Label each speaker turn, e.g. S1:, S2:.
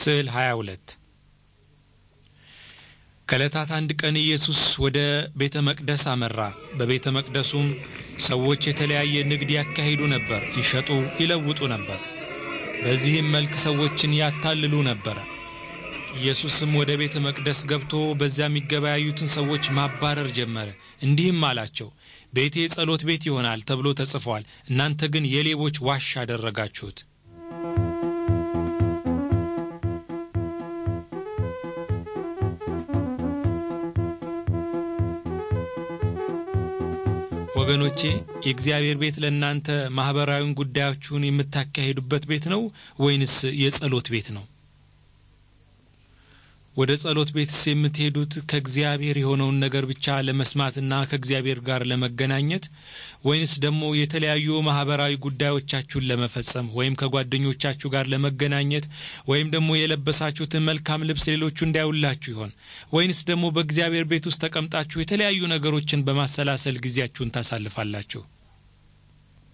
S1: ስዕል 22 ከዕለታት አንድ ቀን ኢየሱስ ወደ ቤተ መቅደስ አመራ። በቤተ መቅደሱም ሰዎች የተለያየ ንግድ ያካሂዱ ነበር፣ ይሸጡ ይለውጡ ነበር። በዚህም መልክ ሰዎችን ያታልሉ ነበረ። ኢየሱስም ወደ ቤተ መቅደስ ገብቶ በዚያ የሚገበያዩትን ሰዎች ማባረር ጀመረ። እንዲህም አላቸው፣ ቤቴ ጸሎት ቤት ይሆናል ተብሎ ተጽፏል፣ እናንተ ግን የሌቦች ዋሻ አደረጋችሁት። ወገኖቼ የእግዚአብሔር ቤት ለእናንተ ማኅበራዊን ጉዳያችሁን የምታካሂዱበት ቤት ነው ወይንስ የጸሎት ቤት ነው ወደ ጸሎት ቤትስ የምትሄዱት ከእግዚአብሔር የሆነውን ነገር ብቻ ለመስማትና ከእግዚአብሔር ጋር ለመገናኘት ወይንስ ደግሞ የተለያዩ ማህበራዊ ጉዳዮቻችሁን ለመፈጸም ወይም ከጓደኞቻችሁ ጋር ለመገናኘት ወይም ደግሞ የለበሳችሁትን መልካም ልብስ ሌሎቹ እንዳያውላችሁ ይሆን ወይንስ ደግሞ በእግዚአብሔር ቤት ውስጥ ተቀምጣችሁ የተለያዩ ነገሮችን በማሰላሰል ጊዜያችሁን ታሳልፋላችሁ